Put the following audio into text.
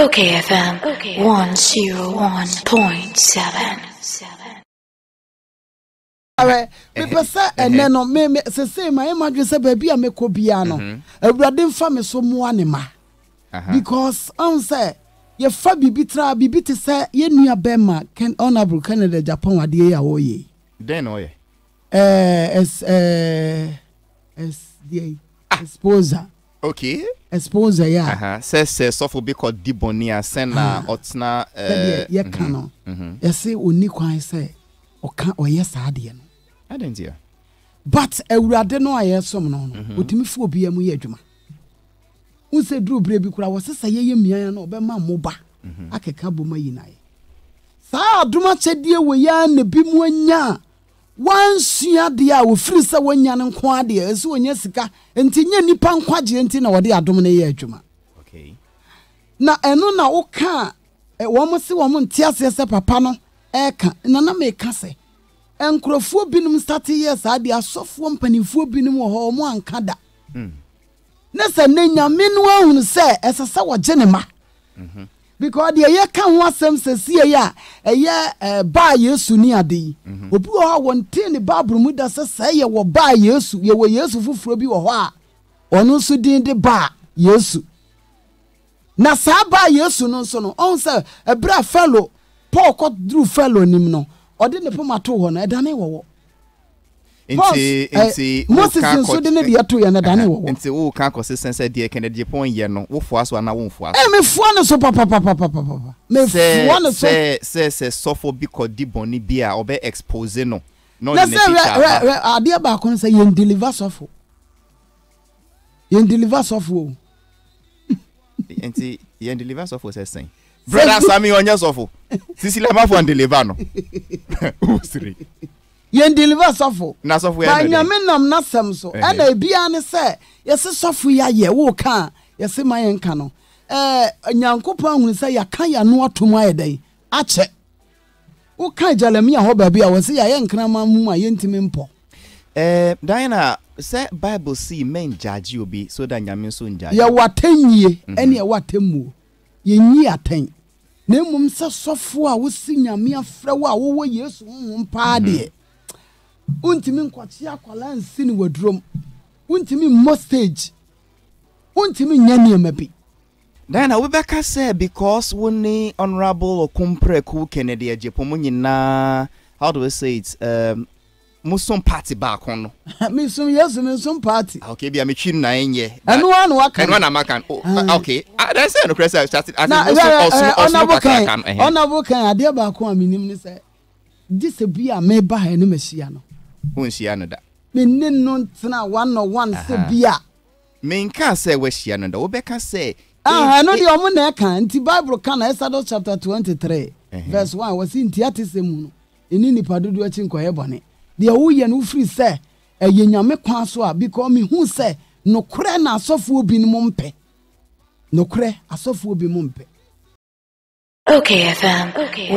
Okay FM 101.7 Alright, mepɛ sɛ eh, eh, ɛnɛ eh. no sesei ma ɛma dwe sɛ baabi a mɛkɔ biara no mhm. awurade mfa me so mmoa ne ma because ɔn ye yɛfa biribi tra biribi te sɛ yɛnnua bɛrima honorable canada japan adeɛ yi a wɔyɛ dɛn oye. Eh es eh es ɛs deɛ ah. ok. exposure yɛ a sɛ sɛ sɔfo bi kɔ di bɔnni a sɛ na ɔtena ɛɛ yɛ ka mhm, no mhm. yɛsɛ oni kwan sɛ ɔka ɔyɛ saa adeɛ no adantia but awurade no a yɛsom no no mhm. otumi fi obi mu yɛ adwuma n sɛ duro bere bi kura wɔsesa yɛyɛ mmea no ma mo ba akeka boma yi na yɛ saa adoma kyɛdeɛ wɔ yɛ na ebi mu anya a. wansua deɛ a wofiri sɛ wanya no nko adeɛ ɛsɛ wɔnya sika nti nyɛ nnipa nkwagyeɛ nti na wɔde adom no yɛ adwuma na ɛno na woka a wɔn se wɔn nte aseɛ sɛ papa no ɛɛka nana mɛka sɛ nkurɔfoɔ binom sate yɛ saa deɛ asɔfoɔ mpanimfoɔ binom wɔ hɔ wɔn anka da mm. ne sɛ ne nyame no ahunu sɛ ɛsɛ sɛ wɔgye ne ma. Mhm. because deɛ yɛka ho asɛm sɛsie yi a ɛyɛ uh, baa yesu ni ade yi mm-hmm. obi wɔ hɔ a wɔnte ne baabul mu da sɛ sɛ yɛwɔ baa yesu yɛwɔ yesu foforɔ bi wɔ hɔ a ɔno nso din de baa yesu na saa baa yesu no nso no ɔn sɛ ɛbrɛ fɛlo paul kɔ duru fɛlo nim no ɔde ne poma to hɔ no ɛdane wɔwɔ nti nti eh, moses nso de ne deɛ to yɛ no dane eh, wɔ nti wo ka akɔ sesɛn sɛ deɛ kennedy pɔn yɛ no wofoa so anaa womfoa so eh, mefoa no so papapapapapa mefoa no so sɛ sɛ sɛ sɔfo bi kɔdi bɔne bi a ɔbɛ expose no na sɛ rɛ adeɛ baako no sɛ yɛn deliver sɔfo yɛn deliver sɔfo o nti yɛn deliver sɔfo sɛ sɛn brɛda sami ɔnyɛ sɔfo sisi lamafo n deliver no yɛn deliver sɔfo na sɔfo yɛ ɛnɛ de nyame nam n'asɛm so ɛnna eh, eh. ebia ne sɛ yɛsi sɔfo yɛ ayɛ wò kan yɛsi ma yɛn ka no ɛɛ eh, nyankopɔn ahun sɛ yɛaka yɛn atum ayɛ dɛ akyɛ wò kan jalamiya hɔ baabi a wɔsi yɛayɛ nkraman mu a yɛntumi mpɔ. ɛɛ diana sɛ bible si mɛn jaagye obi so da nyame nso njaagye. yɛwɔ atɛnyie mhm. ɛnna yɛwɔ atɛmuo yɛnyi atɛn na mmom sɛ sɔfo a wosi nyame afrɛ wo a wowɔ yesu honhom paa deɛ. Mm -hmm wontumi nkɔkye akwadaa nsi ne wadurom wontumi mmɔ stage wontumi nyɛ nneɛma bi. diana wobɛka sɛ because wo ne honorable okumprɛku kennedy agyepo mu nyinaa how do we say it um, musom party baako no. misom yesu misom party. Ah, ok bi a metwi nu na e nyɛ. ɛnuwa na waka ɛnuwa na maka oh, ah. ok adan sɛ ɛnukurɛ sɛ ati musom ɔsum ɔsum pata kan. ɔnabu kan adeɛ baako a mi nim ni sɛ disa bi a mɛ ba ha ɛnum ɛhyia no wonhyia no da menne no ntena one on one sɛ a menkaa sɛ woahyia no da wobɛka sɛ e- ɛno e- deɛ ɔmo na ɛka nti bible ka na exodus chapter 23 verse 1 wɔsi ntị a sɛ mu no ɛne nnipa dodoɔ akyi nkɔyɛ bɔne deɛ woyɛ no wofiri sɛ ɛyɛ nyame kwan so a because mehu sɛ nokorɛ na asɔfoɔ bi mpɛ nokorɛ asɔfoɔ bi mo mpɛ OKFM okay,